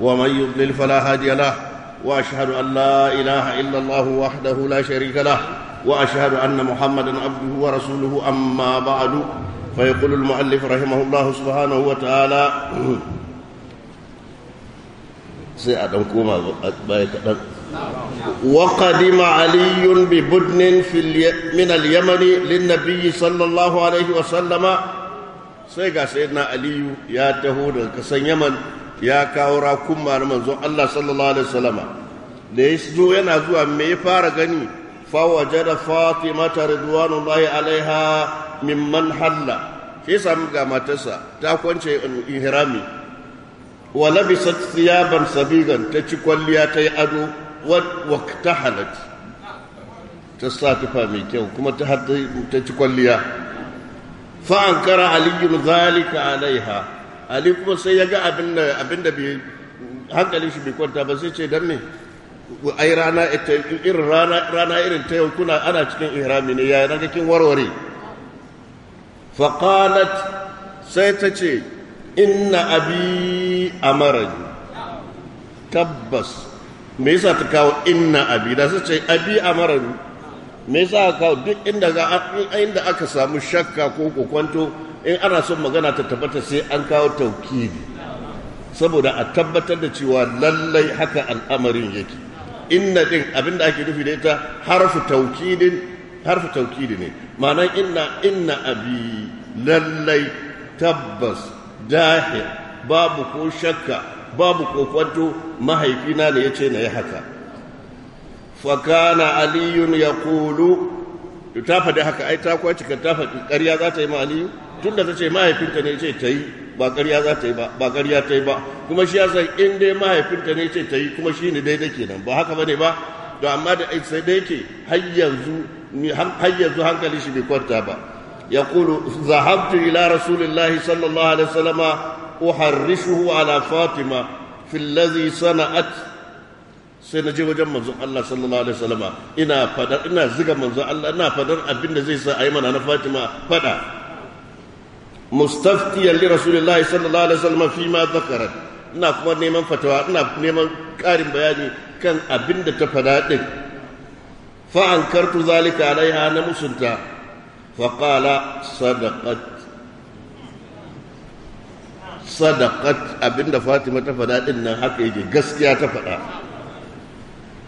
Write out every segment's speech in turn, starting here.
ومن يضلل فلا هادي له واشهد ان لا اله الا الله وحده لا شريك له واشهد ان محمدا عبده ورسوله اما بعد فيقول المؤلف رحمه الله سبحانه وتعالى وقدم علي ببدن في الي... من اليمن للنبي صلى الله عليه وسلم سيدنا علي يا تهود الكسن يمن ya kawo rakun na manzon Allah sallallahu alaihi wasallama da ya zo yana zuwa me ya fara gani fa wajada fatimata ridwanullahi alaiha mimman halla sai samu ga matarsa ta kwance ihrami wa labisat thiyaban sabigan ta ci kwalliya ta yi ado wa ta sa tufa mai kyau kuma ta ta ci kwalliya fa ankara aliyun zalika alaiha ali kuma sai ya ga abin da hankali shi bai kwanta ba sai ce don me ai rana irin rana irin ta yau kuna ana cikin ihrami ne yayin ragakin warware faqalat sai ta ce inna abi amarani tabbas me yasa ta kawo inna abi da sai ce abi amarani me yasa ka kawo duk inda ga inda aka samu shakka ko kokwanto in ana son magana ta tabbata sai an kawo taukiri saboda a tabbatar da cewa lallai haka al'amarin yake inna din abinda ake nufi da ita harfu taukidin harfu taukidi ne ma'ana inna inna abi lallai tabbas dahi babu ko shakka babu ko kwanto mahaifina ne ya ce na yi haka fakana aliyun kulu ta faɗi haka ai ta kwaci ka ta faɗi ƙarya za ta yi ma aliyu tunda ta ce mahaifinta ne ce ta yi ba ƙarya za ta yi ba ba ƙarya ta yi ba kuma shi ya san in dai mahaifinta ne ce ta yi kuma shi ne daidai kenan ba haka bane ba to amma da sai dai ke har yanzu har yanzu hankali shi bai kwanta ba Ya yaqulu zahabtu ila rasulillah sallallahu alaihi wasallama uharrishuhu ala fatima fi allazi sana'at sai na je wajen manzon Allah sallallahu alaihi wasallama ina fadar ina ziga manzon Allah ina fadar abin da zai sa ayi mana na Fatima fada mustaftiyan li rasulillahi sallallahu alaihi wasallam fi ma zakarat ina kuma neman fatawa ina neman karin bayani kan abin da ta fada din fa zalika alaiha na musunta fa qala sadaqat sadaqat abinda fatima ta fada din nan haka gaskiya ta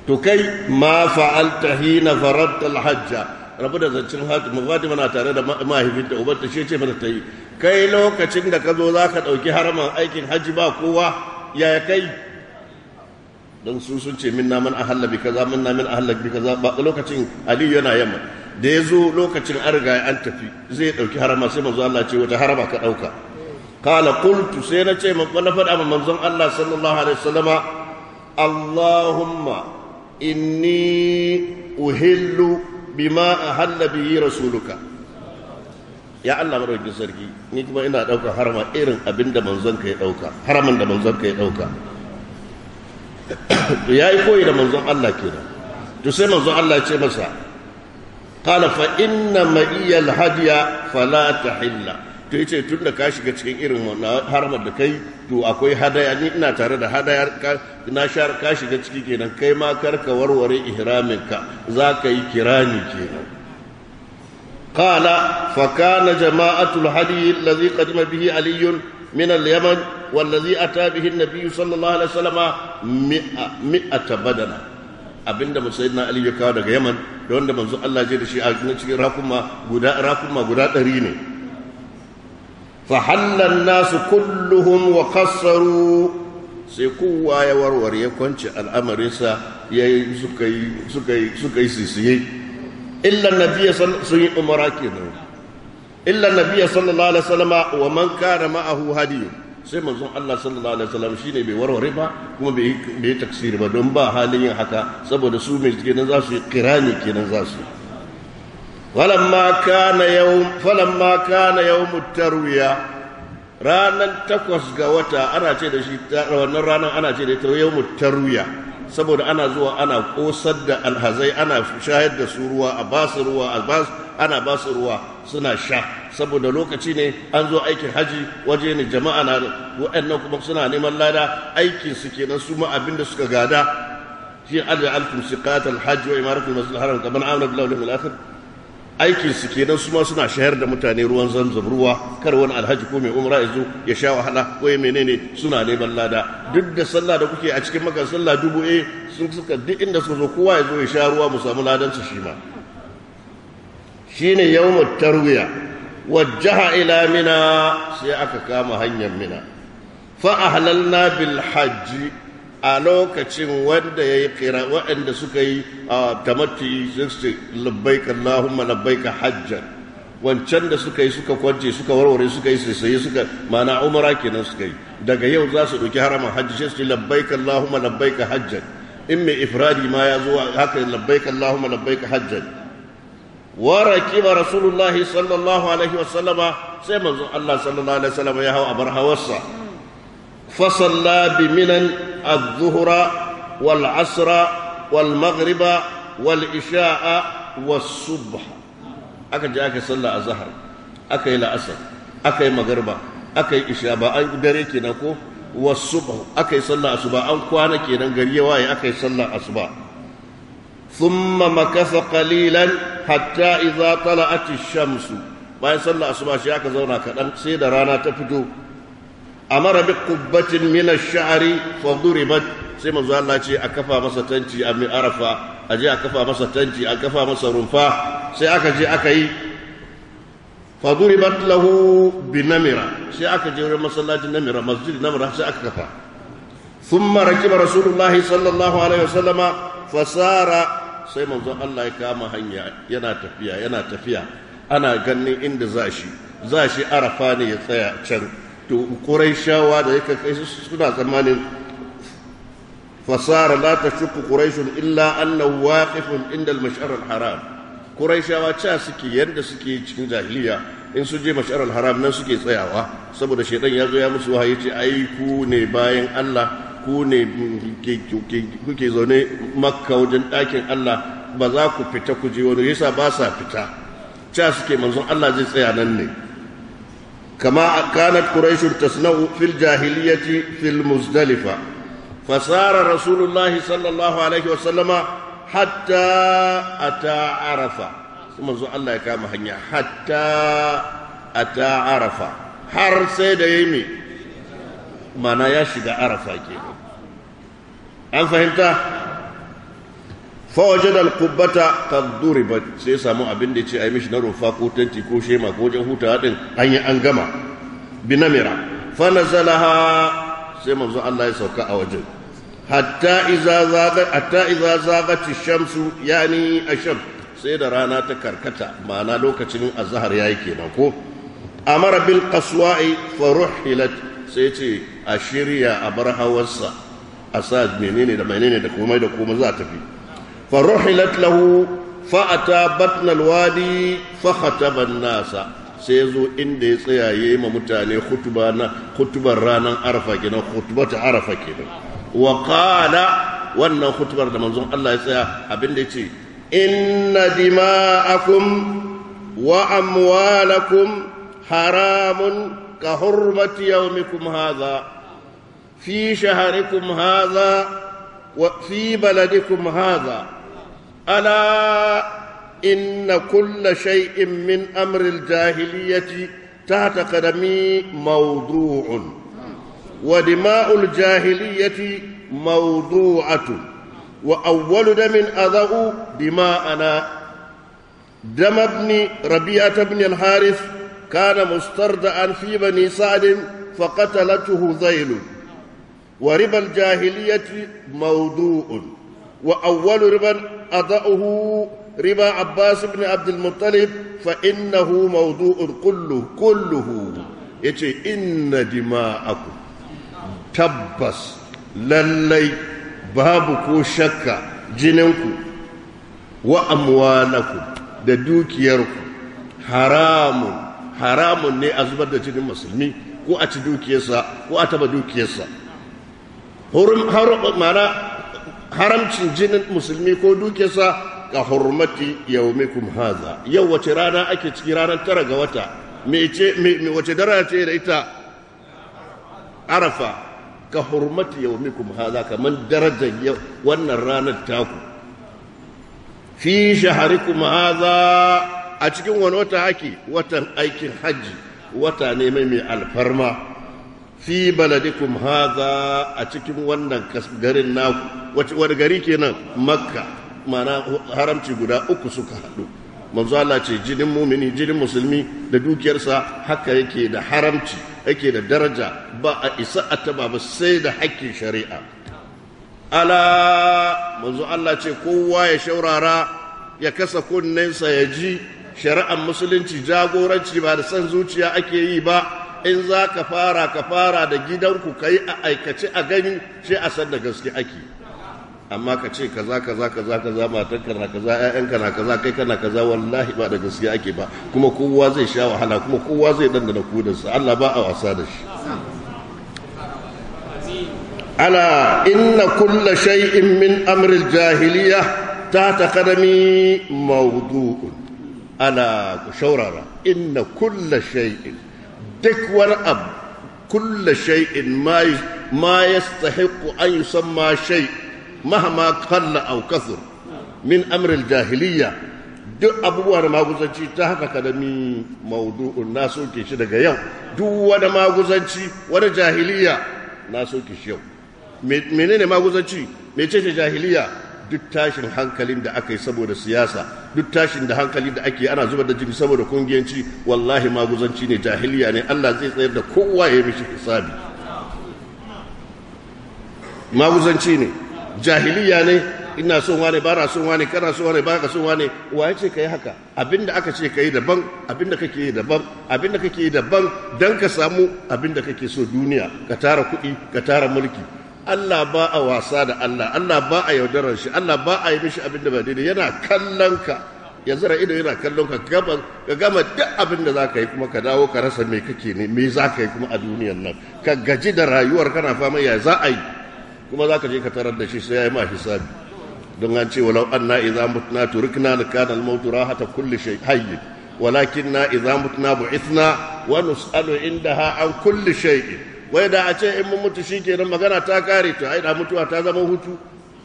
to kai ma fa'alta hina faradta al-hajja rabu da zancen fatima na tare da mahaifinta ubanta ta ce mata ta yi kai lokacin da ka zo za ka ɗauki haraman aikin hajji ba kowa yaya kai don su sun ce min namun a hallabi ka za, min a hallabi ka za. ba lokacin aliyu yana yamma da ya zo lokacin an ya, an tafi zai ɗauki harama sai manzo Allah ce wata harama ka ɗauka kala kultu sai na ce na faɗa manzon Allah sallallahu alaihi wasallama Allahumma inni uhillu bima rasuluka ya Allah madaukakin sarki ni kuma ina ɗaukar harama irin abin da manzon ka ya ɗauka haraman da manzon ka ya ɗauka to ya yi koyi da manzon Allah kenan to sai manzon Allah ya ce masa qala fa inna ma'iya al-hadiya fala tahilla to yace tun da ka shiga cikin irin wannan haramar da kai to akwai hadaya ni ina tare da hadaya na shar ka shiga ciki kenan kai ma karka warware ihraminka za ka yi kirani kenan قال فكان جماعة الهدي الذي قدم به علي من اليمن والذي أتى به النبي صلى الله عليه وسلم مئة, مئة بدنة abinda mu sayyidina Ali ya kawo daga Yaman da wanda manzo Allah je da shi a cikin rakuma guda rakuma guda 100 ne fa halal nas kulluhum wa sai kowa ya warware ya kwance al'amarinsa yayi suka yi illa nabiyya sun yi umara nan illa nabiyya sallallahu alaihi wasallam wa man kana ma'ahu hadiyu sai manzon Allah sallallahu alaihi wasallam shine bai warware ba kuma bai bai taksiri ba don ba halin yin haka saboda su mai kenan za su yi kirani kenan za su falamma kana yawm falamma kana yawmut tarwiya ranan takwas ga wata ana ce da shi wannan ranan ana ce da ita yawmut tarwiya saboda ana zuwa ana kosar da alhazai ana shayar da su ruwa a basu ruwa a basu ana basu ruwa suna sha saboda lokaci ne an zo aikin haji waje ne jama'a na wa'annan kuma suna neman lada aikin su kenan su ma abin da suka gada shi an da alfin siqatal hajji wa imaratul masjidil haram kaman amana billahi wal akhir aikin su kenan su ma suna shayar da mutane ruwan zanzan ruwa kar wani alhaji ko mai umra yazo ya sha wahala ko ya menene suna neman lada duk da sallah da kuke a cikin makar sallah dubu eh sun suka duk inda suka zo kowa zo ya sha ruwa mu samu ladan su shi ma shine yawmut tarwiya wajjaha ila mina sai aka kama hanyar mina fa ahlalna bil hajji a lokacin wanda ya yi kira waɗanda suka yi a tamati su labbaika Allahumma labbaika hajjan wancan da suka yi suka kwance suka warware suka yi sai suka mana umara kenan suka yi daga yau za su ɗauki haramin hajji sai su labbaika Allahumma labbaika hajjan in mai ifradi ma ya zo haka labbaika Allahumma labbaika hajjan وركب رسول الله صلى الله عليه وسلم سيما الله صلى الله عليه ya يهوى أبرها وصى فصلى بمنن الظهر والعصر والمغرب والعشاء والصبح أكا أكا صلى الظهر أكا إلى أسر أكا مغربا أكا إشاء با دري كنكو والصبح أكا صلى الصبح أو كوانا كنن غري واي أكا صلى الصبح ثم مكث قليلا حتى إذا طلعت الشمس bayan sallar asuba shi aka zauna kaɗan sai da rana ta fito amara bi kubbatin min ash-sha'ri fa duribat sai manzo Allah ce a kafa masa Tanti a arafa a je a kafa masa Tanti a kafa masa rumfa sai aka je aka yi fa duribat lahu bi namira sai aka je wurin masallacin namira masjid namira sai aka kafa thumma rakiba rasulullah sallallahu alaihi wasallama fasara sai manzo Allah ya kama hanya yana tafiya yana tafiya ana ganin inda zashi. Zashi arafa ne ya tsaya can to quraishawa da ya kai suna tsammanin fasara la tashukku quraishun illa annahu waƙifin inda al-mash'ar haram quraishawa ca suke yadda suke cikin jahiliya in su je masharar haram nan suke tsayawa saboda shaidan ya zo ya musu wahayi ce ai ku ne bayan Allah ku ne kuke zaune makka wajen ɗakin Allah ba za ku fita ku je wani yasa ba sa fita ca suke manzon Allah zai tsaya nan ne كما كانت قريش تصنع في الجاهلية في المزدلفة فسار رسول الله صلى الله عليه وسلم حتى أتى عرفة منذ الله كما هنيا حتى أتى عرفة حر سيد يمي ما نياشد عرفة كده أن فهمتها fawajen alkubbata ta duri ba sai samu abin da ce a yi mishi na rufa ko tanti ko shema ko wajen hutawa haɗin. an yi an gama binamira fana ha, sai manzo Allah ya sauka a wajen hatta iza zagaci shamsu ya ni a sham sai da rana ta karkata ma'ana lokacin a zahar ya yi kenan ko A mara bil kaswa'i faruhilat sai ce a shirya a bar hawarsa a sa menene da menene da komai da komai za a tafi faruhilat lahu fa'ata batnal wadi fa khataban sai zo inda ya tsaya yayi ma mutane khutba na khutbar ranan arfa kenan khutbatu arfa kenan wa qala wannan khutbar da manzon Allah ya tsaya abinda yace inna dima'akum wa amwalakum haramun ka hurmati yawmikum hadha في شهركم هذا وفي بلدكم هذا ألا إن كل شيء من أمر الجاهلية تحت قدمي موضوع ودماء الجاهلية موضوعة وأول دم اضع دماءنا دم ابن ربيعة بن الحارث كان مستردعا في بني سعد فقتلته ذيل وربا الجاهلية موضوع وأول ربا أضعه ربا عباس بن عبد المطلب فإنه موضوع كله كله يتي إن دماءكم تبس للي بابكو شك جننكم وأموالكم دوكيركم حرام حرام ne a zubar da jinin musulmi ko a ci dukiyarsa ko a taba dukiyarsa hurum haram mana haramcin jinin musulmi ko dukiyarsa ka hurmati yaumikum haza yau wace rana ake ciki ranar tara ga wata me wace dara ce da ita arafa ka hurmati yaumikum haza kamar darajar wannan ranar taku fi shaharikum haza a cikin wani wata ake watan aikin hajji wata ne mai mai alfarma fi baladikum haza a cikin wannan garin naku wani gari kenan makka mana haramci guda uku suka haɗu manzo Allah ce jinin mumini jinin musulmi da dukiyarsa haka yake da haramci yake da daraja ba a isa a taba ba sai da hakkin shari'a ala manzo Allah ce kowa ya shaurara ya kasa kunnensa ya ji shari'ar musulunci jagoranci ba da san zuciya ake yi ba in za ka fara ka fara da gidanku ka yi a aikace a gani shi a san da gaske ake amma ka ce kaza kaza kaza kaza matar kana kaza ƴaƴan na kaza kai kana kaza wallahi ba da gaske ake ba kuma kowa zai sha wahala kuma kowa zai dandana kudansa Allah ba a wasa da shi ala inna kulla shay'in min amril jahiliya ta taqadami mawdu'un ala ku shaurara inna kulla shay'in duk wani abu kulla shay'in ma ya tsahiku an ma shay mahama kalla aw kathur min amr jahiliya duk abubuwan maguzanci ta haka kadami maudu'un na soke shi daga yau duk wani maguzanci wani jahiliya na soke shi yau menene maguzanci mecece jahiliya duk tashin hankalin da aka yi saboda siyasa duk tashin da hankalin da ake ana zubar da jini saboda kungiyanci wallahi maguzanci ne jahiliya ne Allah zai tsayar da kowa ya mishi hisabi maguzanci ne jahiliya ne ina son wane ba na son wane kana son wane ba ka son wane waye ce kai haka abinda aka ce kai daban abinda kake yi daban abinda kake yi daban dan ka samu abinda kake so duniya ka tara kuɗi ka tara mulki Allah ba a wasa da Allah Allah ba a yaudarar shi Allah ba a yi mishi abin da ba daidai yana kallon ka ya zara ido yana kallon ka gama ka gama duk abin da zaka yi kuma ka dawo ka rasa me kake ne me zaka yi kuma a duniyar nan ka gaji da rayuwar kana fama ya za a yi kuma zaka je ka tarar da shi sai ya yi ma hisabi don an ce walau anna idza mutna turikna lakana al-maut rahata kulli shay hayy walakinna idza mutna bu'ithna wa nus'alu indaha an kulli shay'in wai da a ce in mun mutu shikenan magana ta kare to ai da mutuwa ta zama hutu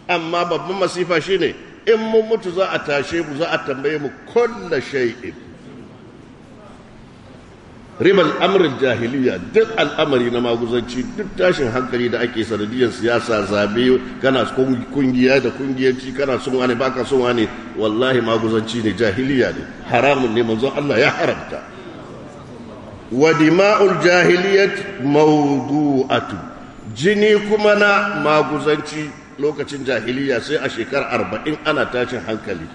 amma babban masifa shine in mun mutu za a tashe mu za a tambaye mu kulla shay'in ribal amrin jahiliya duk al'amari na maguzanci duk tashin hankali da ake sanadiyar siyasa zabe kana kungiya da kungiyanci kana son wani baka son wani wallahi maguzanci ne jahiliya ne haramun ne manzon Allah ya haramta ودماء الجاهلية jahiliyat جني jini kuma na maguzanci lokacin jahiliya sai a shekar arba'in ana tashin hankali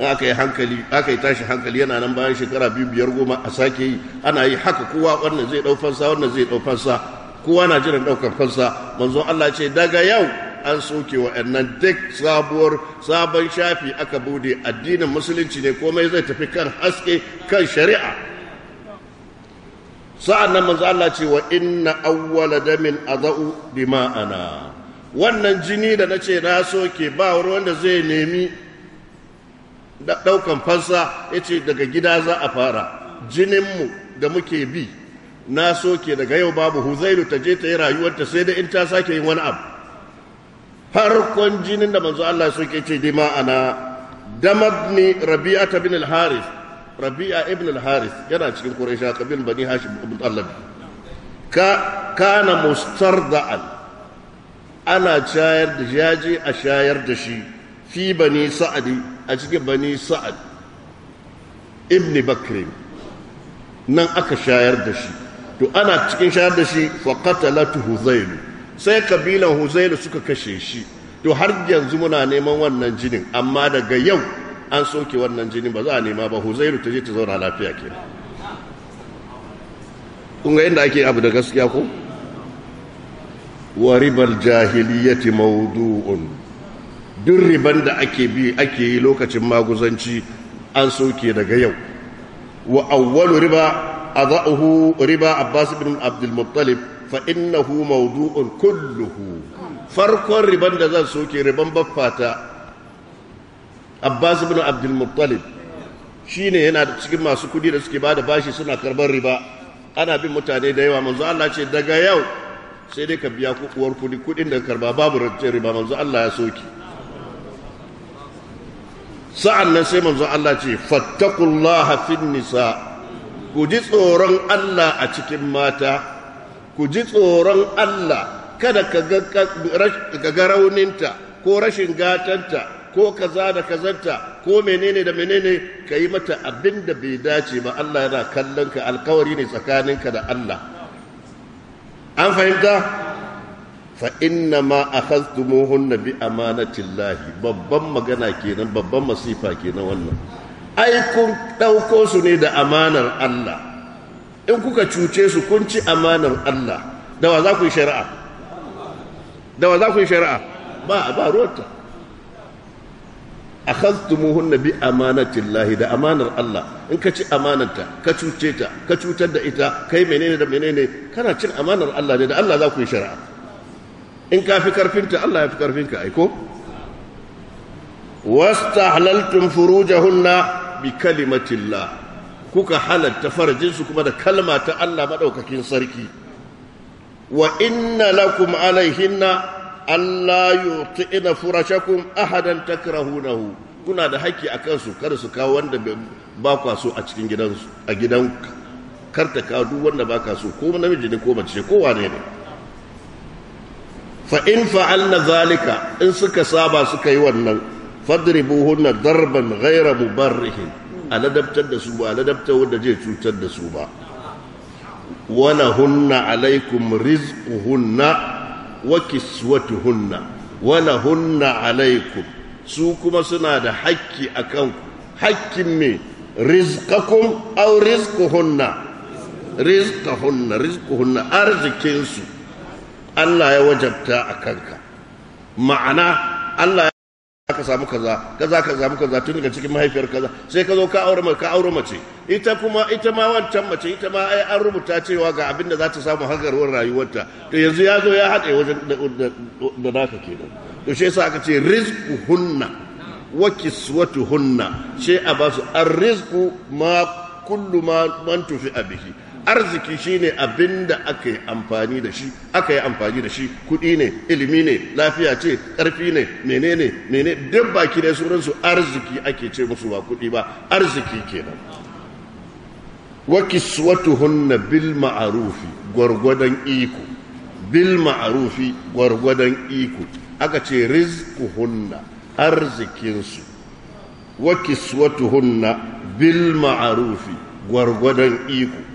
hankali akai tashi hankali yana nan bayan shekara biyu biyar goma a sake yi ana yi haka kowa wannan zai ɗau fansa wannan zai ɗau fansa kowa na jiran ɗaukar fansa manzon Allah ce daga yau an soke wa'annan duk sabuwar sabon shafi aka bude addinin musulunci ne komai zai tafi kan haske kan shari'a sa'an nan manzo Allah ce wa inna awwala damin azau dima'ana wannan jini da na ce na soke ba wanda zai nemi ɗaukan fansa ce daga gida za a fara jininmu da muke bi na soke daga yau babu huzairu ta je ta yi rayuwarta sai da in ta sake yin wani abu farkon jinin da manzo Allah soke ce ana damad ni ta bin al-harith rabi'a ibn al-haris yana cikin quraisha kabil bani hashim ibn talib ka kana mustarda'an ana shayar da jaji a shayar da shi fi bani sa'adi a cikin bani sa'ad ibn bakr nan aka shayar da shi to ana cikin shayar da shi fa qatalatu sai kabilan huzailu suka kashe shi to har yanzu muna neman wannan jinin amma daga yau an soke wannan jini ba za a nema ba huzairu ta je ta zauna lafiya ke kun ga inda ake abu da gaskiya ko wa ribar jahiliyyati mawdu'un duk riban da ake bi ake yi lokacin maguzanci an soke daga yau wa awwalu riba riba أضعه ربا عباس بن عبد hu فإنه kulluhu farkon riban da zan soke riban baffata. abbas ibn abdul muttalib shine yana da cikin masu kudi da suke bada bashi suna karban riba ana bin mutane da yawa manzo Allah ce daga yau sai dai ka biya kuwar kudi kudin da karba babu rancen riba manzo Allah ya soki sa'an nan sai manzo Allah ce fattakullaha fin nisa ku ji tsoron Allah a cikin mata ku ji tsoron Allah kada ka ga rauninta ko rashin gatanta ko kaza da kazarta, ko menene da menene ka yi mata abin da bai dace ba Allah yana kallon ka alkawari ne tsakaninka da Allah an fahimta fa inna ma akhadhtumuhunna bi amanatillahi babban magana kenan babban masifa kenan wannan ai kun dauko su ne da amanar Allah in kuka cuce su kun ci amanar Allah da wa za ku yi shari'a da wa za ku yi shari'a ba ba ruwanta akhadhtumuhunna bi amanatillahi da amanar Allah in ka ci amanarta ka cuce ta ka cutar da ita kai menene da menene kana cin amanar Allah ne da Allah za ku yi shari'a in ka fi karfinta Allah ya fi karfinka aiko wastahlaltum furujahunna bi kalimatillah kuka halatta farajinsu kuma da kalma ta Allah maɗaukakin sarki wa inna lakum alaihinna Allah yi ina furashakun ahadan takrahunahu kuna da haƙƙi a kansu kar su kawo wanda ba kwa so a cikin gidansu a gidan kar ta kawo duk wanda ba ka so ko namiji ne ko mace ko wane ne fa in fa'alna zalika in suka saba suka yi wannan fadribuhunna darban ghayra mubarrihin a ladabtar da su ba a ladabtar wanda zai cutar da su ba wala hunna alaikum rizquhunna wa kiswatuhunna wa lahunna alaikum su kuma suna da hakki a ku hakkin me rizqakum aw rizquhunna rizqahunna rizquhunna arzikinsu Allah ya wajabta a kanka ma'ana Allah ka samu kaza kaza ka samu kaza tun daga cikin mahaifiyar kaza sai ka zo ka aure ka aure mace ita kuma ita ma wancan mace ita ma ai an rubuta cewa ga abin da za ta samu hagarwar rayuwarta to yanzu ya zo ya haɗe wajen da naka kenan to shi yasa aka ce rizqu hunna wa kiswatu hunna sai a ba su arrizqu ma kullu ma man tufi bihi arziki shine abin da aka yi amfani da shi aka yi amfani da shi kuɗi ne ilimi ne lafiya ce ƙarfi ne menene menene duk baki da sauransu arziki ake ce musu ba kuɗi ba arziki kenan wa kiswatuhunna bil ma'arufi gwargwadon iko bil ma'arufi gwargwadon iko aka ce rizquhunna arzikinsu wa kiswatuhunna bil ma'arufi gwargwadon iko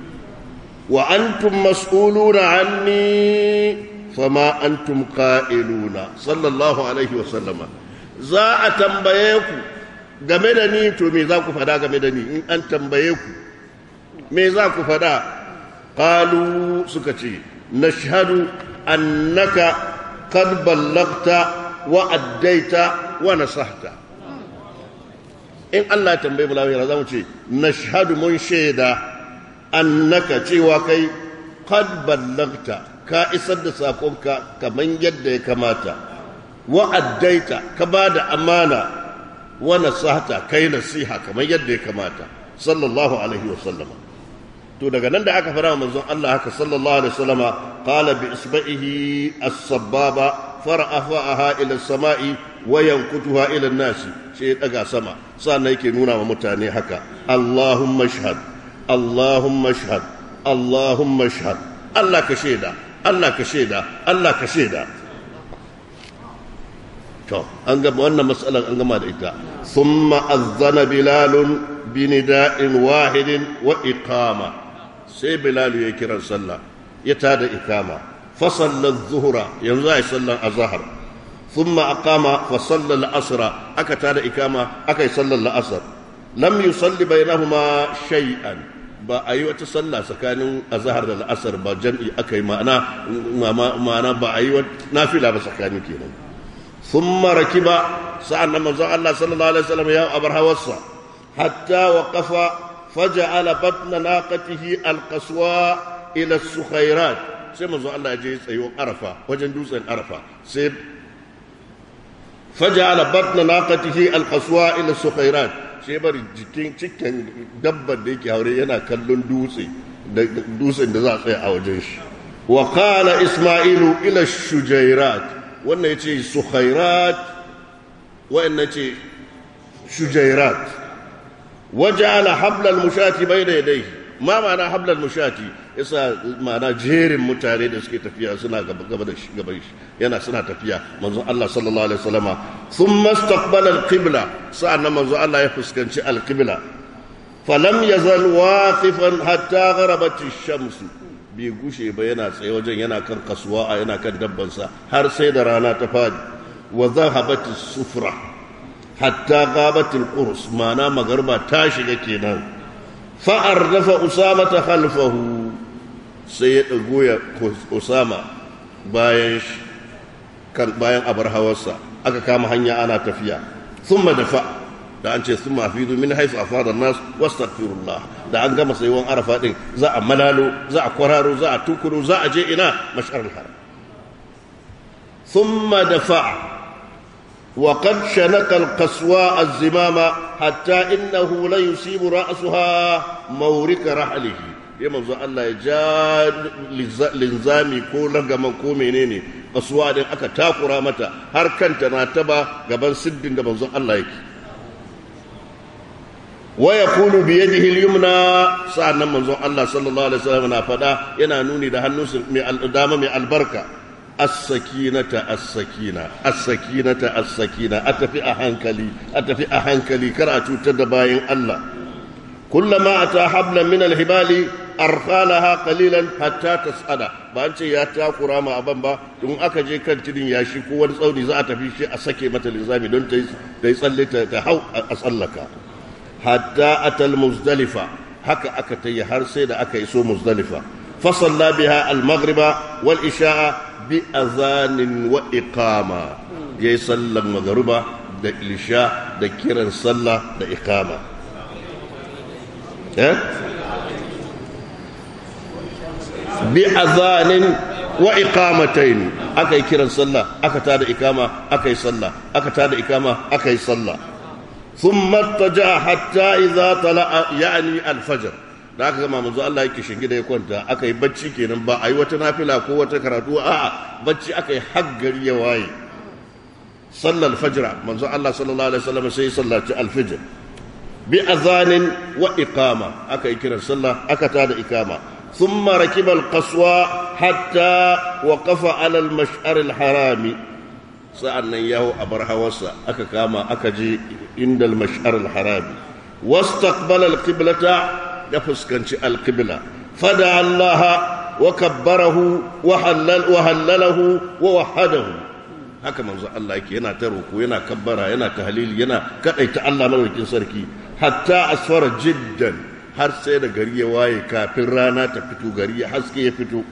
wa antum mas'uluna anni fama antum qa'iluna sallallahu alaihi wa sallama za a tambaye ku game da ni to me za ku fada game da ni in an tambaye ku me za ku fada qalu suka ce nashhadu annaka in Allah ya tambaye lafiya za mu ce nashhadu mun shaida annaka cewa kai qad ballagta ka isar da sakonka kaman yadda ya kamata wa addaita ka da amana wa nasahata kai nasiha kaman yadda ya kamata sallallahu alaihi wa sallama to daga nan da aka fara manzon Allah haka sallallahu alaihi wa sallama qala bi isba'ihi as-sababa fara'aha ila as-sama'i wa yankutuha ila an-nasi sai ya daga sama sannan yake nuna wa mutane haka allahumma shahad اللهم اشهد اللهم اشهد الله كشيدا الله كشيدا الله كشيدا to an gama wannan matsalar an gama da ita thumma zana bilalun binida'in wahidin wa iqama sai bilalu ya kiran sallah ya tada iqama fa sallar zuhra yanzu ai sallar azhar thumma aqama fa sallar asra aka da iqama aka yi sallar la'asar lam yusalli bainahuma shay'an ba a yi wata sallah tsakanin azhar da al'asar ba jam'i aka yi ma'ana ma'ana ba a yi nafila ba tsakanin kenan thumma rakiba sa'an nan manzon Allah sallallahu alaihi wasallam ya abar hawarsa hatta waqafa faja'ala batna naqatihi alqaswa ila as-sukhairat sai manzon Allah ya je tsayo arafa wajen dutsen arafa sai faja'ala batna naqatihi alqaswa ila as-sukhairat sai bari jikin cikin dabbar da yake haure yana kallon dutse da dutsen da za a tsaya a wajen shi wa qala isma'ilu ila shujairat wannan yace sukhairat wa'annan ce shujairat waja'ala hablal mushati bayna yadayhi ma ma'ana hablal mushati yasa ma'ana jerin mutane da suke tafiya suna gaba gaba da shi yana suna tafiya manzon Allah sallallahu alaihi wasallama thumma istaqbala al sa'annan Allah ya fuskanci al falam yazal waqifan hatta gharabat ash-shams bi gushe ba yana tsaye wajen yana kan kasuwa yana kan dabbansa har sai da rana ta fadi wa zahabat sufra hatta ghabat al-qurs ma'ana magarba ta shiga kenan usama ta khalfahu sai ya ɗago ya usama bayan a abar hawarsa aka kama hanya ana tafiya sun dafa da an ce sun mafi min haifu a fadar nasu wastafirullah da an gama saiwon arafa ɗin za a malalo za a kwararo za a tukuru za a je ina mashar haram ثم دفع وقد شنق القسواء الزمام حتى إنه ليصيب رأسها مورك رحله ya manzo Allah ya ja linzami ko lagama ko menene kasuwa din aka takura mata har kanta na taba gaban siddin da manzo Allah yake wa yaqulu bi yadihi al-yumna sa'annan manzo Allah sallallahu alaihi wasallam na fada yana nuni da hannunsa mai al-dama mai albarka as-sakinata as-sakina as-sakinata as-sakina atafi a hankali atafi a hankali kar a cutar da bayin Allah كلما أتى min al-hibali. arfalaha qalilan hatta tasada ba an ce ya takura ma aban ba in aka je kan tudun yashi ko wani tsauni za a tafi shi a sake mata linzami don ta yi tsalle ta hau a tsallaka hatta atal muzdalifa haka aka ta yi har sai da aka iso muzdalifa fasalla biha al-maghriba wal isha'a bi azanin wa iqama yayi sallan magruba da isha da kiran sallah da iqama eh bi azanin wa ni, aka yi kiran sallah aka ta da ikama aka yi sallah aka ta da ikama aka yi sallah thumma taja hatta idza la'a ya'ni al da aka gama manzo Allah yake shinge da ya kwanta aka yi bacci kenan ba yi wata nafila ko wata karatu a'a bacci aka yi haggar ya waye sallar fajira manzo Allah sallallahu alaihi wasallam sai sallaci alfijir bi azanin wa iqama aka yi kiran sallah aka ta da ikama ثم ركب القصوى حتى وقف على المشعر الحرام سألنا إياه أبرها وسا أكا كاما أكا جي عند المشعر الحرام واستقبل القبلة يفسكنش القبلة فدعا الله وكبره وحلل وهلله ووحده haka manzo Allah yake yana ta roko yana kabbara yana tahlil yana kadaita Allah madaukakin sarki hatta asfara jiddan har sai da gari ya waye kafin rana ta fito gari ya haske ya fito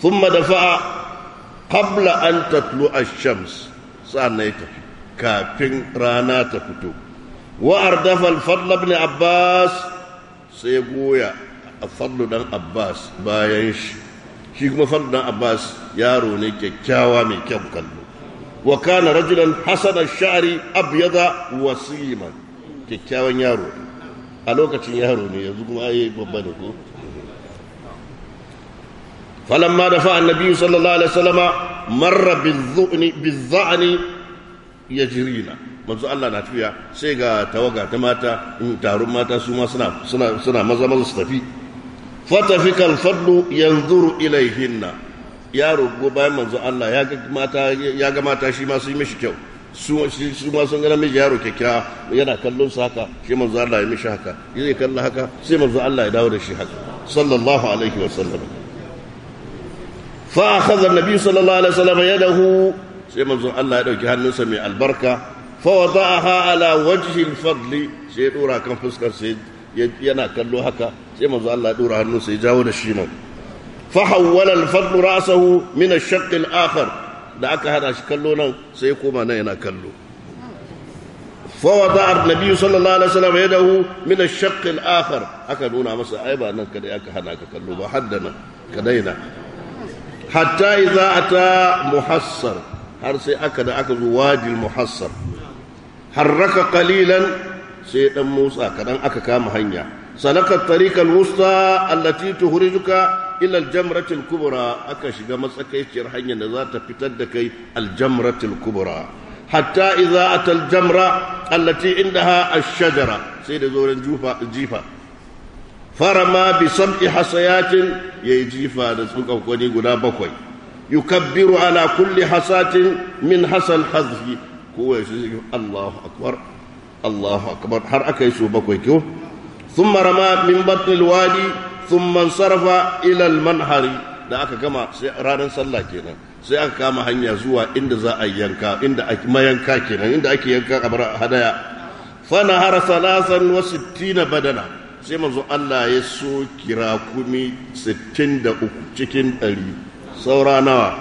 thumma dafa'a qabla an tatlu ash-shams sa'an ya tafi kafin rana ta fito wa ardafa al-fadl ibn abbas sai goya fadl dan abbas bayan shi shi kuma fadl dan abbas yaro ne kyakkyawa mai kyau kallo wa kana rajulan hasan ash-sha'ri abyada wasiman kyakkyawan yaro ne a lokacin yaro ne yanzu kuma ai babba ne ko falamma da fa annabi sallallahu alaihi wasallama marra bizzuni bizzani yajrina manzo Allah na tafiya sai ga tawaga ta mata in tarun mata su ma suna suna suna maza maza su tafi fatafika alfadlu yanzuru ilaihinna yaro bayan manzo Allah ya ga mata ya ga mata shi ma su yi mishi kyau su su ma sun ga namiji yaro kyakkyawa yana kallon sa haka shi manzo Allah ya mishi haka zai kalla haka sai manzo Allah ya dawo da shi haka sallallahu alaihi wa sallam fa akhadha an-nabi sallallahu alaihi wa sallam yadahu sai manzo Allah ya dauki hannunsa mai albarka fa wada'aha ala wajhi al-fadl sai ya dora kan fuskar sai yana kallo haka sai manzo Allah ya dora hannunsa ya jawo da shi nan fa hawwala al-fadl ra'sahu min ash-shaqq al-akhar da aka hada shi kallo nan sai kuma na yana kallo fawada annabi sallallahu alaihi wasallam yadahu min ash-shaqq al aka nuna masa ai ba nan kada aka hada ka kallo ba haddana kadaina hatta idza ata muhassar har sai aka da aka zo wadi muhassar harraka qalilan sai dan musa kadan aka kama hanya salaka tariqal wusta allati tuhrijuka ilal jamratul kubra aka shiga matsakaiciyar hanyar da za ta fitar da kai aljamratul kubra hatta idza atal jamra allati indaha ash-shajara sai da zoren jufa jifa farama bi sam'i hasayatin yayi jifa da kwani guda bakwai yukabbiru ala kulli hasatin min hasal hazfi ko ya shi Allahu akbar Allahu akbar har yi su bakwai ko thumma rama min batnil wadi thumma sarrafa ilal manhari da aka gama sai ranar sallah kenan sai aka kama hanya zuwa inda za a yanka inda mayanka kenan inda ake yanka kamar hadaya fana hara salasan wa sittina badana sai manzo Allah ya so kira kumi 63 cikin 100 saura nawa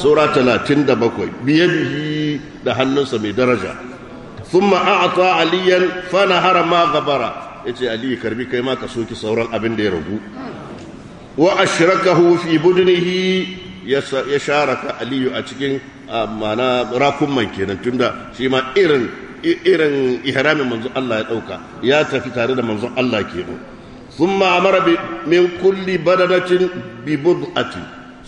saura 37 biyadihi da hannunsa mai daraja thumma a'ata aliyan fana hara ma gabara yace ali karbi kai ma ka soki sauran abin da ya ragu wa ashrakahu fi budnihi ya sharaka aliyu a cikin mana rakunman kenan tunda shi ma irin irin ihramin manzon Allah ya dauka ya tafi tare da manzon Allah kenan thumma amara min kulli badanatin bi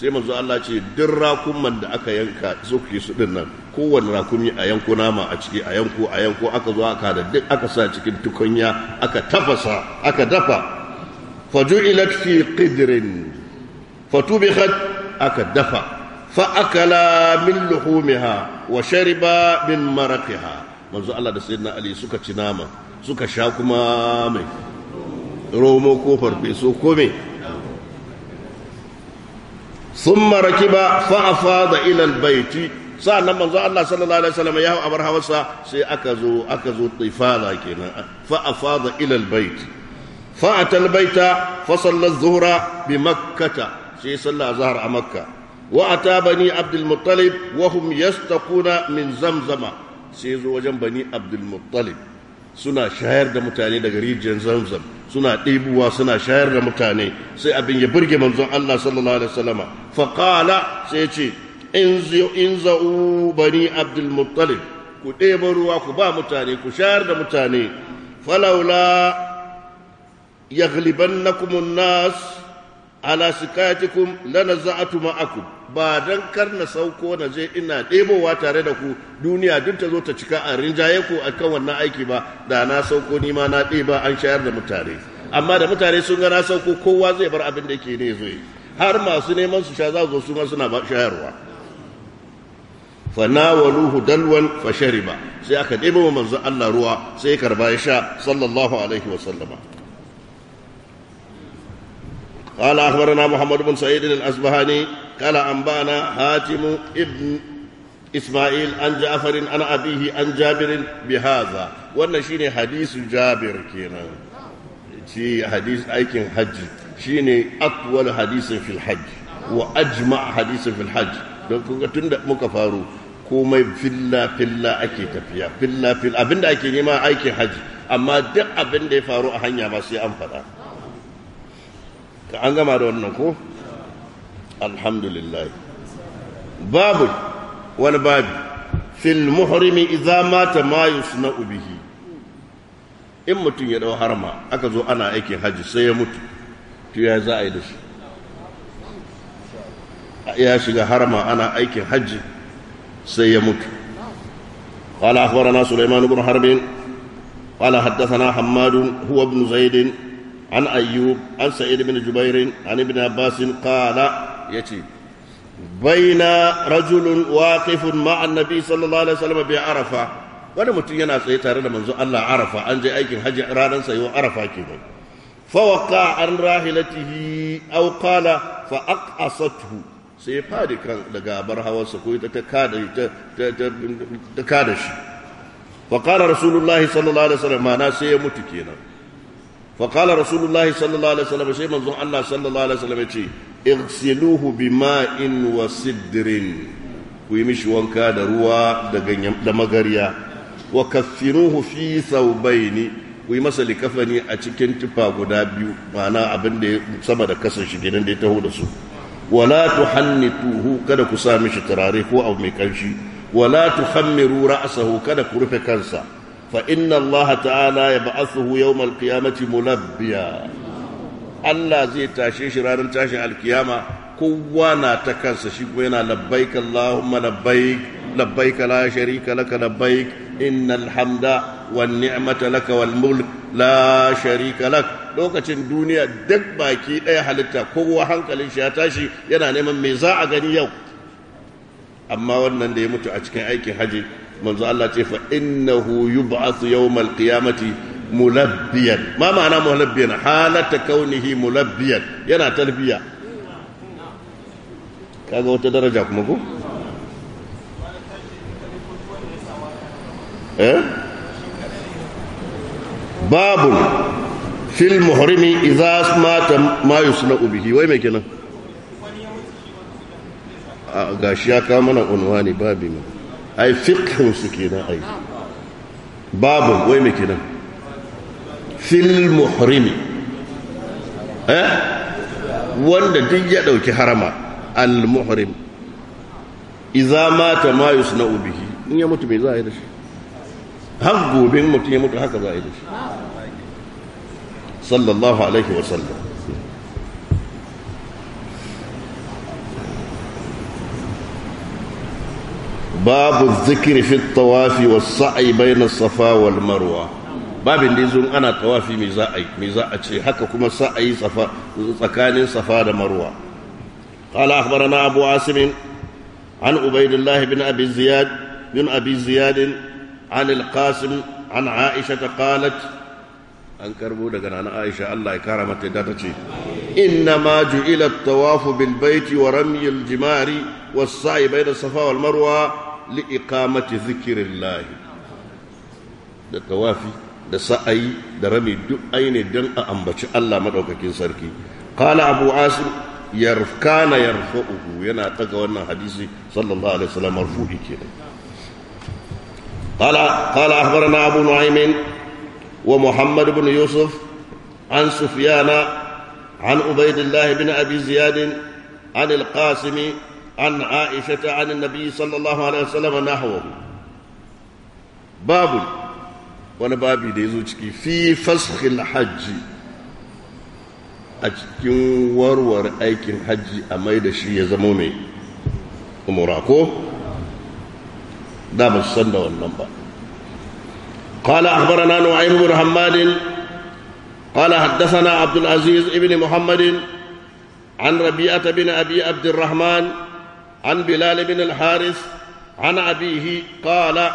sai manzo Allah ce duk rakuman da aka yanka ke su din nan kowanne rakumi a yanko nama a ciki a yanko a yanko aka zo aka da duk aka sa cikin tukunya aka tafasa aka dafa faju'ilat fi qidrin fatubihat aka dafa fa akala min luhumiha wa shariba min maraqiha manzo Allah da sayyidina Ali suka ci nama suka sha kuma mai romo ko farfeso ko mai ثم ركب فافاض الى البيت sa'annan manzo Allah sallallahu alaihi wasallam ya hawa hawarsa sai aka zo aka zo tifala kenan fa afada ila albayt fa ata albayta fa salla adh bi makkata sai salla zahar a Makka. wa ata bani abdul muttalib wa hum yastaquna min zamzama sai zo wajen bani abdul muttalib suna shayar da mutane daga rijiyar zamzam suna ɗibuwa suna shayar da mutane sai abin ya burge manzon Allah sallallahu alaihi faqala sai ce in za'u bani abdul muttalib ku ɗeba ruwa ku ba mutane ku shayar da mutane falaula yaghlibannakum an-nas ala sikatikum lanaza'tu ma'akum ba don kar na sauko na je ina ɗebowa tare da ku duniya duk ta zo ta cika a rinjaye ku a kan wannan aiki ba da na sauko ni ma na ɗeba an shayar da mutane amma da mutane sun ga na sauko kowa zai bar abin da yake ne zo har masu neman su sha za zo su ma suna shayarwa fa nawaluhu dalwan fa shariba sai aka ɗebo manzo Allah ruwa sai karba ya sha sallallahu alaihi wa sallama قال أخبرنا محمد بن سعيد الأسبهاني قال أنبأنا هاتم ابن إسماعيل عن جعفر عن أبيه عن جابر بهذا وأن شيني حديث جابر كنا شي حديث أيكن حج شيني أطول حديث في الحج وأجمع حديث في الحج تند مكفارو komai filla-filla ake tafiya filla-filla abinda ake nema aikin haji amma duk abinda ya faru a hanya ba sai an faɗa Ka an gama da wannan ko alhamdulillah babu wani babi fil muhrimi idza mata ma yusna'u bihi in mutum ya dau harma aka zo ana aikin haji sai ya mutu to ya za a yi da shi ya shiga harma ana aikin hajji sai ya mutu قال أخبرنا سليمان بن حرب قال حدثنا حماد هو ابن زيد An أيوب an سعيد بن جبير an ابن عباس قال يتي baina rajulun واقف مع النبي صلى الله عليه وسلم بعرفة wani mutum yana tsaye tare da manzo Allah arafa an je aikin hajji ranar sayo arafa ke kenan fawaka an rahilatihi aw qala fa aqasathu sai ya fadi kan daga bar hawarsa ko ita ta kada ta kada shi fa qala rasulullahi sallallahu alaihi wasallam mana sai ya mutu kenan فقال رسول الله صلى الله عليه وسلم شيء منظوم الله صلى الله عليه وسلم يقول اغسلوه بماء وسدر ويمشي وانكا دروا دمغريا وكفنوه في ثوبين ويمسى لكفني أتكن تبا قدابي معنا أبن دي سمد كسر شكين دي تهود سو ولا تحنتوه كده كسامش تراريكو أو ميكانشي ولا تخمروا رأسه كده كرفة كنسا فإن الله تعالى يبعثه يوم القيامة ملبيا الله زي تاشيش ران تاشي القيامة كوانا تكنس شكوينا لبيك اللهم لبيك لبيك لا شريك لك لبيك إن الحمد والنعمة لك والملك لا شريك لك lokacin duniya duk baki ɗaya halitta kowa hankalin shi ya tashi yana neman me za a gani yau amma wannan da ya mutu a cikin aikin haji manzo Allah ce fa innahu yub'athu yawmal qiyamati mulabbiyan ma ma'ana mulabbiyan halata kaunihi mulabbiyan yana talbiya kaga wata daraja kuma ko eh babun fil muhrimi idza mata ma yusna'u bihi wai me kenan ah, gashi ya kawo mana unwani babi mai ai fiqhin su nan ai babu wai mai kenan fil eh wanda duk ya dauki harama al iza idza mata ma na ubihi. in ya mutu mai za a yi da shi har gobe mutum ya mutu haka za a yi da shi sallallahu alaihi wa sallam babu zikiri fi tawafi wa sa'i bayna safa wal marwa babin da yanzu ana tawafi me za a yi za a ce haka kuma sa'ayi safa tsakanin safa da marwa Akhbarana Abu أبو an عن عبيد الله بن أبي زياد بن أبي زياد عن القاسم عن عائشة قالت an karbo daga nana aisha allah ya kara mata yadda ta ce inna ma ju'ila tawafu bil baiti wa ramyil jimari was sa'i bayna safa wal marwa zikirin lahi da tawafi da sa'ayi da rami duk aini don a ambaci Allah maɗaukakin sarki qala abu asim yarkana uku yana ɗaga wannan hadisi sallallahu alaihi wasallam marfu'i kenan qala qala na abu nu'aym wa muhammad ibn yusuf an sufyana an ubaidillah bin abi ziyad an al عن عائشة عن النبي صلى الله عليه وسلم نحوه باب وانا بابي ديزوتشكي في فسخ الحج أتكين ورور أيكين حج أميد شي يزمومي أموراكو دام الصندة والنمبر قال أخبرنا نعيم بن حماد قال حدثنا عبد العزيز بن محمد عن ربيعة بن أبي عبد الرحمن عن بلال بن الحارث عن أبيه قال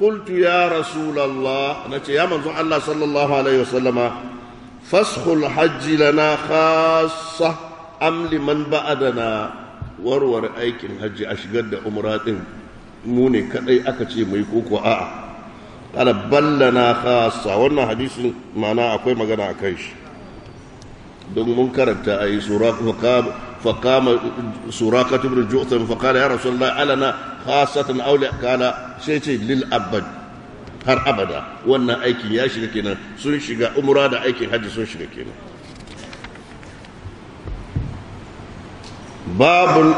قلت يا رسول الله نتي يا منظر الله صلى الله عليه وسلم فسخ الحج لنا خاصة أم لمن بعدنا warware aikin hajji a shigar da umra ɗin mu ne kadai aka ce mai koko a'a kala na khassa wannan hadisin ma'ana akwai magana a kai shi don mun karanta a yi sura فقام سراقة بن جؤثم فقال يا رسول الله ألنا خاصة أو قال شيء للأبد har abada wannan aikin ya shiga kenan sun shiga umra da aikin sun shiga kenan babu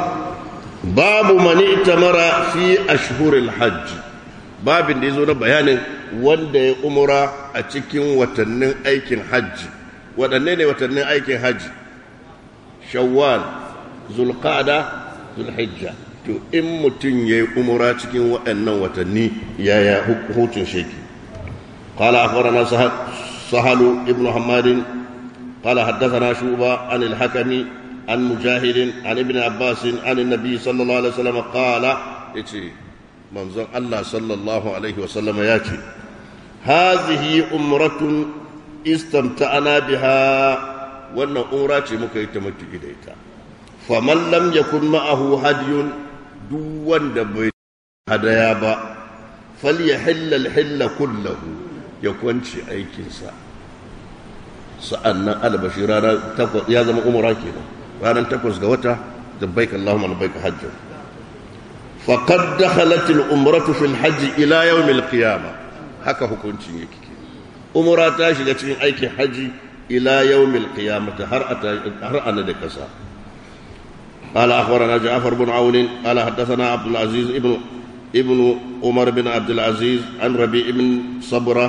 babu mani tamara fi ashhuril hajji babin da yazo na bayanin wanda ya umra a cikin watannin aikin hajji waɗanne ne watannin aikin hajji shawwal zulqaada, zulhijja to in mutum yayi umura cikin waɗannan watanni yaya hukuncin sheki qala akhbarana sahal sahalu ibn hammad qala haddathana shuba an al an mujahid an ibn abbas an an-nabi sallallahu alaihi wasallam qala yace manzon Allah sallallahu alaihi wasallam yace hadhihi umratun istamta'ana biha wannan umra ce muka yi ta mutu da ita faman lam yakun ma'ahu hadiyun duk wanda bai hadaya ba Fal ya falyahilla alhilla kullahu ya kwanci aikinsa sa'annan albashi ranar takwas ya zama umra ke kenan ranar takwas ga wata da labbaik allahumma na labbaik hajjan faqad dakhalat al-umratu fil hajj ila yawm al-qiyamah haka hukuncin yake umra ta shiga cikin aikin haji ila yawmil qiyamati har har ana da kasa قال أخبرنا جعفر بن عون قال حدثنا عبد العزيز ابن ابن عمر بن عبد العزيز عن ربيع بن صبرة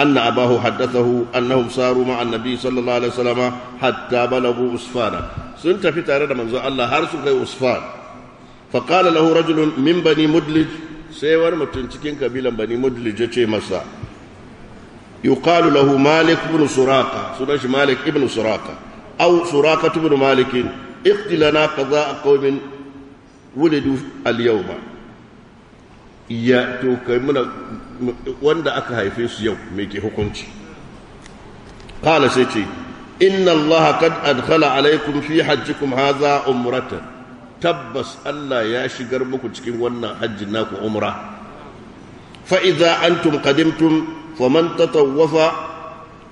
أن أباه حدثه أنهم ساروا مع النبي صلى الله عليه وسلم حتى بلغوا أسفانا سنت في تارة من الله هرسوا أسفان فقال له رجل من بني مدلج سيور متنتكين كبيلا بني مدلج جي مسا يقال له مالك بن سراقة سنش مالك ابن سراقة أو سراقة بن مالك اقت لنا قضاء قوم ولدوا اليوم ya to kai wanda aka haifesu yau me ke hukunci qala sai ce inna allaha kad adkhala alaikum fi hajjikum hadha umratan tabbas allah ya shigar muku cikin wannan hajjin naku umra fa idza antum tun. فمن تطوف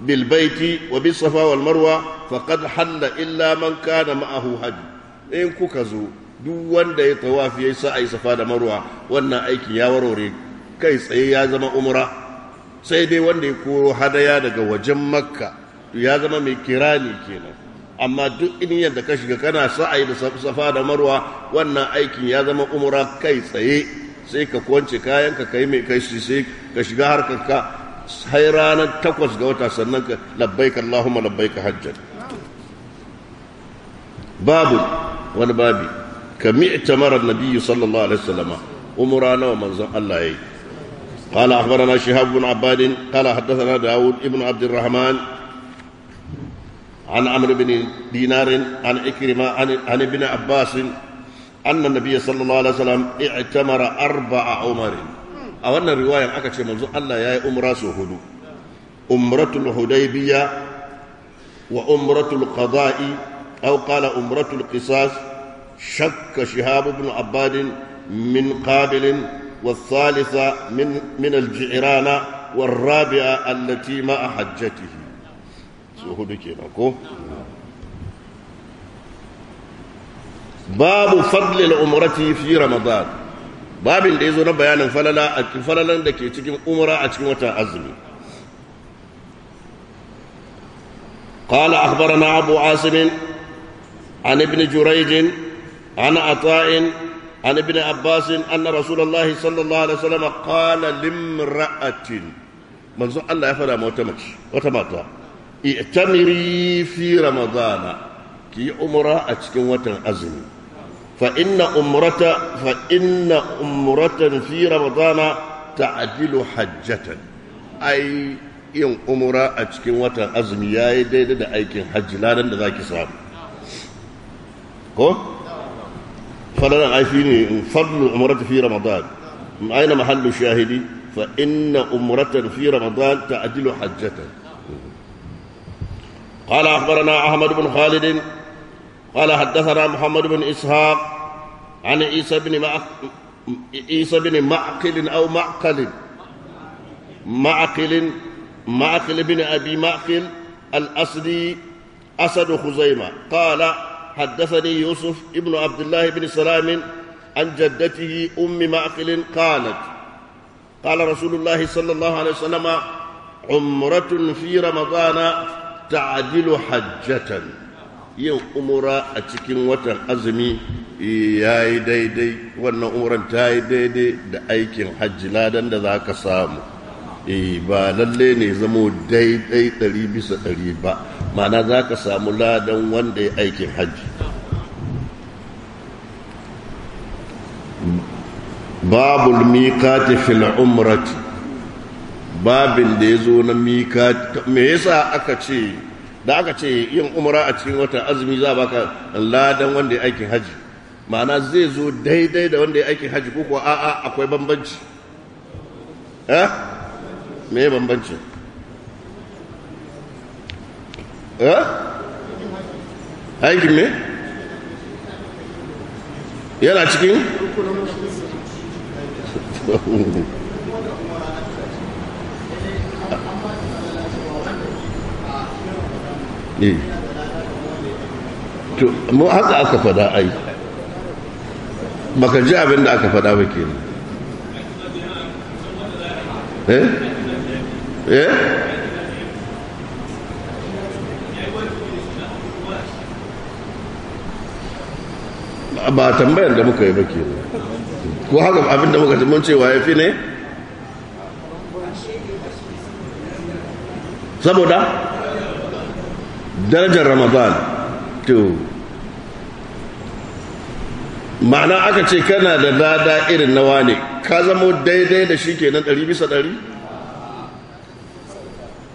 بالبيت وبالصفا والمروة فقد حل إلا من كان معه حج إن zo duk wanda ya tawafi ya sa a yi safa da marwa wannan aikin ya warware kai tsaye ya zama umra sai dai wanda ya koro hadaya daga wajen makka ya zama mai kirani kenan amma duk in da ka shiga kana sa a yi da safa da marwa wannan aikin ya zama umra kai tsaye sai ka kwance kayan ka kai mai kai sai ka shiga harkar ka sai ranar takwas ga wata sannan ka labbaik Allahumma labbaik hajjan babu wani babi ka mi'tamara nabiyyu sallallahu alaihi wasallama umra nawa manzon Allah yayi qala أخبرنا شهاب بن عباد qala حدثنا داود بن عبد الرحمن عن عمرو بن دينار عن إكرمة عن, عن ابن عباس أن النبي صلى الله عليه وسلم اعتمر a wannan riwayan aka ce manzo Allah ya yi umra su hudu umratul hudaybiya wa umratul qada'i aw qala umratul qisas shakka shihab ibn abbad min qabil والثالثة من من الجعرانة والرابعة التي مع حجته سهود كيناكو باب فضل العمرة في رمضان babin da ya zo na bayanin falala a falalan da ke cikin umara a cikin watan azumi قال أخبرنا أبو عاصم عن ابن جريج عن عطاء عن ابن عباس أن رسول الله صلى الله عليه وسلم قال لامرأة من زعل الله فلا موتمك وتماتا ائتمري في رمضان كي أمرأة كي وتن أزمي فإن أمرة فإن أمرة في رمضان تعدل حجة أي umura a cikin watan azumi ya yi daidai da aikin hajji ladan da zaki ki samu ko? falalan aifi ne fadlul umurata fi ramadan aina mahallu shahidi fa inna umuratan fi ramadan ta hajjatan قال أخبرنا أحمد بن خالد قال حدثنا محمد بن إسحاق عن عيسى بن عيسى بن معقل أو معقل معقل معقل بن أبي معقل الأسدي أسد خزيمة قال حدثني يوسف ابن عبد الله بن سلام عن جدته أم معقل قالت قال رسول الله صلى الله عليه وسلم عمرة في رمضان تعدل حجة yin umura a cikin watan azumi eh, ya yi daidai wannan umuran ta yi daidai da aikin hajji ladan da za ka samu eh, ba lalle ne zamo daidai ɗari bisa ɗari ba mana za ka samu ladan wanda ya aikin hajji babul miƙati fil umrati babin da ya zo na miƙati me yasa aka ce da aka ce yin umura a cikin watan azumi za baka ladan wanda ya aikin haji ma'ana zai zo daidai da wanda ya aikin haji ko kuwa a'a akwai bambanci eh me bambanci eh aikin me yana cikin Eh. to mu haka aka fada ai baka ji abin da aka fada ba kenan eh eh ba tambayar da muka yi ba kenan ko haka abin da muka mun cewa ya fi ne saboda darajar ramadan to ma'ana aka ce kana da dada irin nawa ne ka zamo daidai da shi kenan ɗari bisa ɗari?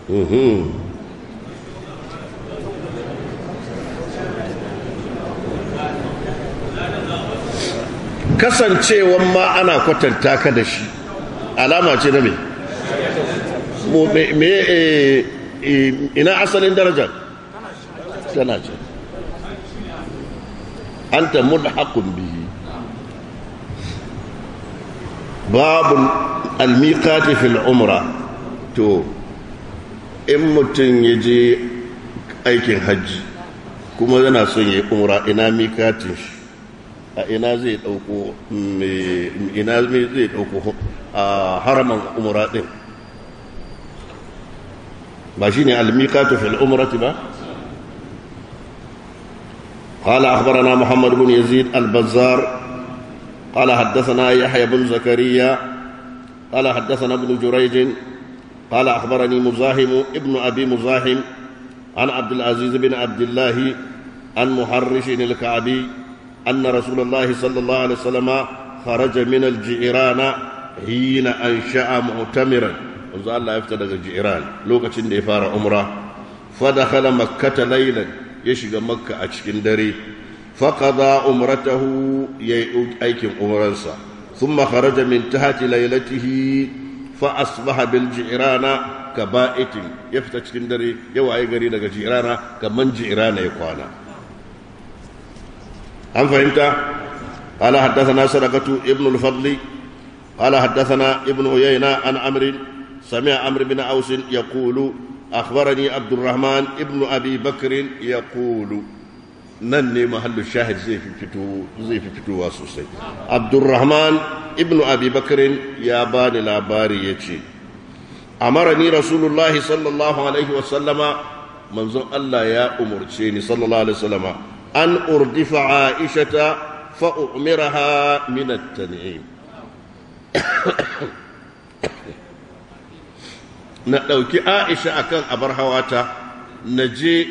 Mhm. kasancewan ma ana kwatanta ka da shi alama ce na me eh, eh, ina asalin darajar tana can anta mulhaqun bihi babun almiqati fil umra to in mutum ya je aikin hajji kuma yana son ya yi umra ina miƙatin shi a ina zai ɗauko ina zai ɗauko a haraman umra ɗin ba shi ne almiƙatu fil umrati ba قال أخبرنا محمد بن يزيد البزار قال حدثنا يحيى بن زكريا قال حدثنا ابن جريج قال أخبرني مزاحم ابن أبي مزاحم عن عبد العزيز بن عبد الله عن محرش الكعبي أن رسول الله صلى الله عليه وسلم خرج من الجيران حين أنشأ مؤتمرا وزال الله يفتدق الجيران لوكة فار عمره فدخل مكة ليلا ya shiga makka a cikin dare faqada umratahu yayi aikin umransa thumma kharaja min tahti laylatihi fa asbaha bil ji'rana kaba'itin ya fita cikin dare ya waye gari daga ji'rana kaman ji'rana ya kwana an fahimta قال حدثنا ibn ابن الفضل قال حدثنا ibn عيينة عن عمرو سمع عمرو بن عوس يقول أخبرني عبد الرحمن ابن أبي بكر يقول نني محل الشاهد زي في فتو زي في فتو واسوسي عبد الرحمن ابن أبي بكر يا باني لا باري يتشي أمرني رسول الله صلى الله عليه وسلم منظر الله يا أمرتيني صلى الله عليه وسلم أن أردف عائشة فأؤمرها من التنعيم na ɗauki aisha akan abar hawata na je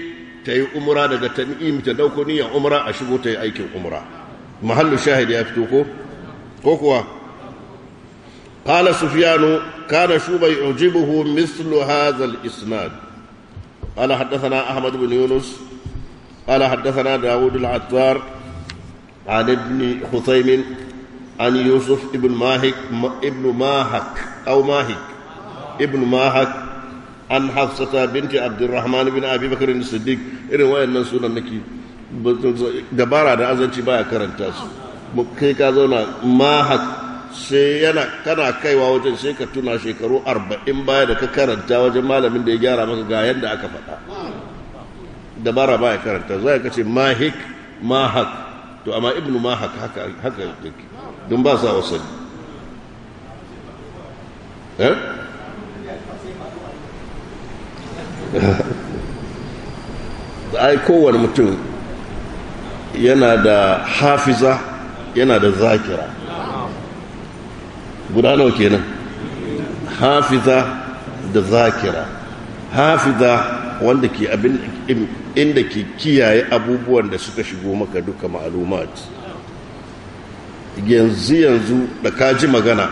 ta yi umra daga tan'im ta ɗauko niyyar umra a shigo ta yi aikin umra mahallu shahid ya fito ko ko kuwa Kala Sufiyanu kana shuba yujibuhu mislu hadha al-isnad qala haddathana ahmad bin yunus kala haddathana daud al-attar عن ابن خثيم عن يوسف ibn mahak an hafsata binti abdurrahman bin abi bakar siddiq irin wayannan sunan nake dabara da azanci baya karanta su kai ka zauna mahak sai yana kana kaiwa wajen sai ka tuna shekaru arba'in baya da ka karanta wajen malamin da ya gyara maka ga da aka faɗa dabara baya karanta zai ka ce mahik mahak to amma ibnu mahak haka haka don ba sa wasanni eh ai kowane mutum yana da hafiza yana da zakira guda nawa kenan hafiza da zakira hafiza wanda ke abin inda ke kiyaye abubuwan da suka shigo maka duka ma'alumat yanzu yanzu da ka ji magana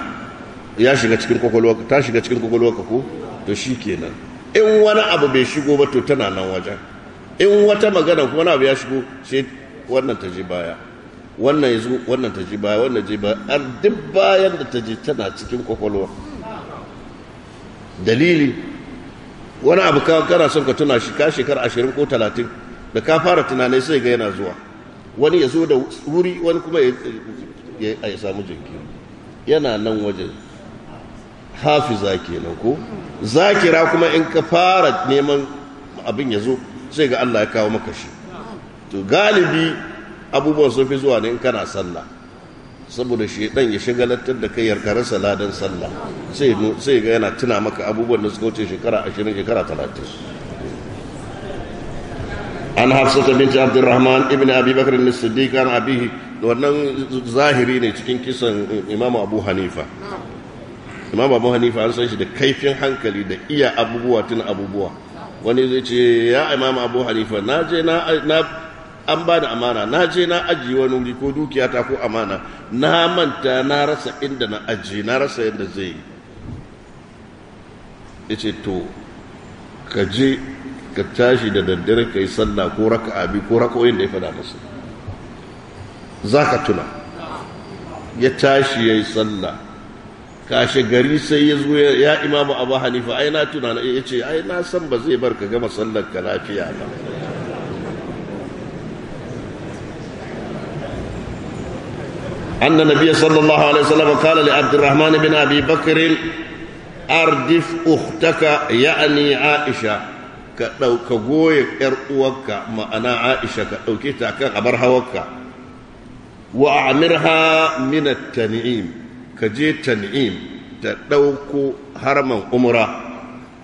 ya shiga cikin kwakwalwarka ta shiga cikin kwakwalwarka ko to shi kenan in wani abu bai shigo ba to tana nan wajen in wata magana kuma wani abu ya shigo sai wannan ta je baya wannan ya wannan ta je baya wannan je baya an duk bayan da ta je tana cikin kwakwalwa dalili wani abu ka kana son ka tuna shi ka shekara ashirin ko talatin da ka fara tunanai sai ga yana zuwa wani ya zo da wuri wani kuma ya samu jinkiri yana nan wajen hafiza kenan ko zakira kuma in ka fara neman abin ya zo sai ga Allah ya kawo maka shi to galibi abubuwan sun fi zuwa ne in kana sallah saboda shedan ya shiga shagalantar da kai sallah saladan sallah sai sai ga yana tuna maka abubuwan da suka wuce shekara 20 shekara 30 an hafsata binti abdurrahman ibn abi bakr as-siddiq an abihi wannan zahiri ne cikin kisan imamu abu hanifa imam hanifa an san shi da kaifin hankali da iya abubuwa tun abubuwa wani zai ce ya imam abu hanifa na je na an ba da amana na je na ajiye wani wuri ko dukiya ta ko amana na manta na rasa inda na ajiye na rasa yadda zai yi ya ce to ka je ka tashi da daddare ka yi sallah ko raka abi ko rakoyin da ya fada masa za ka tuna ya tashi ya yi sallah kashe gari sai ya zo ya imamu abu hanifa ai na tunana ya ce ai na san ba zai bar ka gama sallar ka lafiya ba أن النبي صلى الله عليه وسلم قال لعبد الرحمن بن أبي بكر أردف أختك يعني عائشة كغوي إرؤوك ما أنا عائشة كأوكيتا كأبرها وكا وأعمرها من التنعيم ka je tan'im ta ɗauko harman umra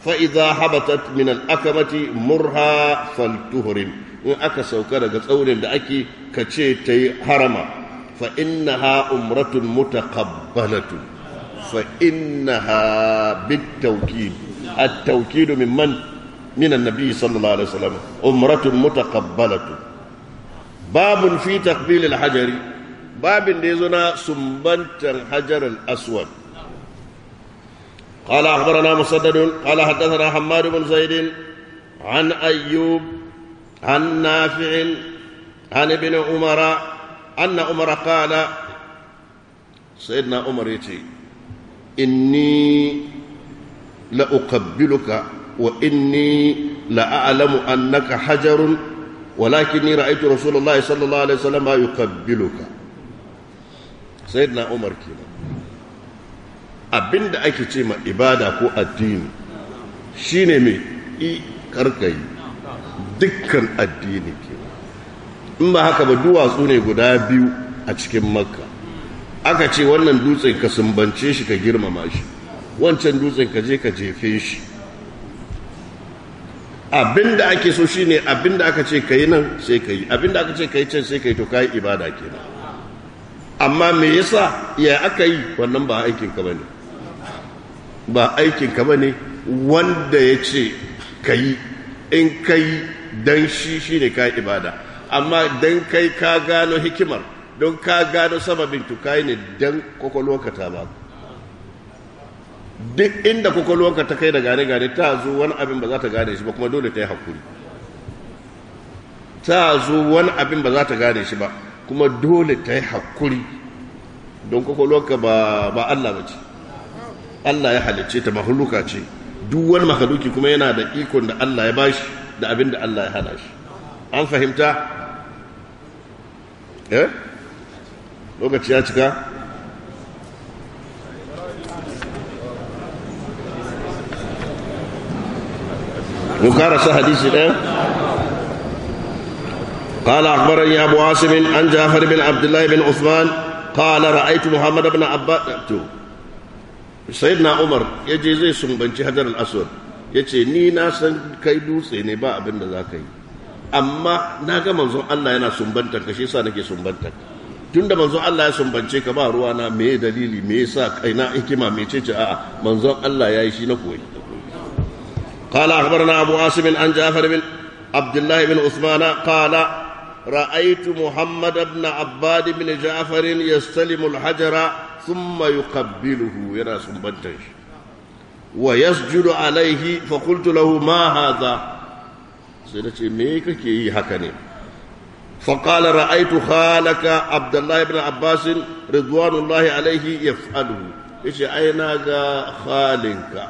fa'iza habatat min al'akamati murha faltuhurin in aka sauka daga tsaurin da ake ka ce ta yi harama fa ha umratun mutaqabbalatu fa innaha ha at-tawkid mimman min an-nabi sallallahu alaihi wasallam umratun mutaqabbalatu babun fi taqbil al-hajari babin da ya zo na sumbantan hajar aswad قال أخبرنا مسدد قال حدثنا حماد بن زيد عن أيوب عن نافع عن ابن عمر أن عمر قال سيدنا عمر يتي إني لأقبلك وإني لأعلم أنك حجر ولكني رأيت رسول الله صلى الله عليه وسلم يقبلك na umar kenan abinda ake ce ma ibada ko addini shine mai i karkai dukkan addini kenan in ba haka ba duwatsu ne guda biyu a cikin makka aka ce wannan dutsen ka sumbance shi ka girmama shi wancan dutsen ka je ka jefe shi abinda ake so shine abinda aka ce kai nan sai ka abin abinda aka ce yi can sai ka yi to ka yi ibada kenan amma me yasa ya aka yi wannan ba aikin ka bane ba aikin ka bane wanda ya ce ka yi in ka yi dan shi shi ne ka ibada amma dan kai ka gano hikimar don ka gano sababin tukai ne don kwakwalwarka ta ba duk inda kwakwalwarka ta kai da gane-gane ta zo wani abin ba za ta gane shi ba kuma dole ta yi hakuri ta zo wani abin ba za ta gane shi ba kuma dole ta yi haƙuri don kwakwalwarka ba Allah ba ce Allah ya halicce ta mahuluka ce duk wani mahaluki kuma yana da ikon da Allah ya bashi da abin da Allah ya hana shi an fahimta eh lokaci ya cika mu sa hadisi ɗaya قال أخبرني أبو عاصم عن جعفر بن عبد الله بن عثمان قال رأيت محمد بن عباس سيدنا عمر يجي زي سن بن حجر الأسود يجي ني ناسا كي دوسي نباء بن ذاكي أما ناقا منظر الله ينا سن بن تكشي سانكي سن tunda manzon Allah ya sumbance ka ba ruwana me dalili me yasa kaina hikima me ce a'a manzon Allah ya yi shi na koyi qala akhbarna abu asim an jafar bin abdullah bin usmana qala رأيت محمد بن عباد بن جعفر يستلم الحجر ثم يقبله يرى سنبنتش ويسجد عليه فقلت له ما هذا سنتي ميك كي هكني فقال رأيت خالك عبد الله بن عباس رضوان الله عليه يفعله إيش أين خالك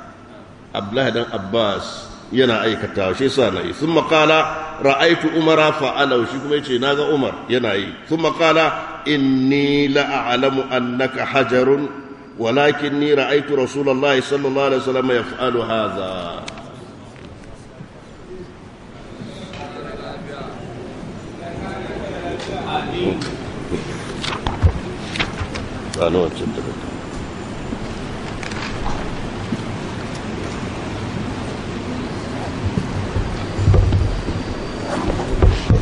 عبد الله بن عباس yana aikata shi sa na yi sun makala ra'aitu umara fa'ala shi kuma yace naga ga umar yana yi sun makala inni alamu annaka hajarun walakin ni ra'aitu rasulullahi sallallahu alaihi wasallam yaf'alu hadha Ano,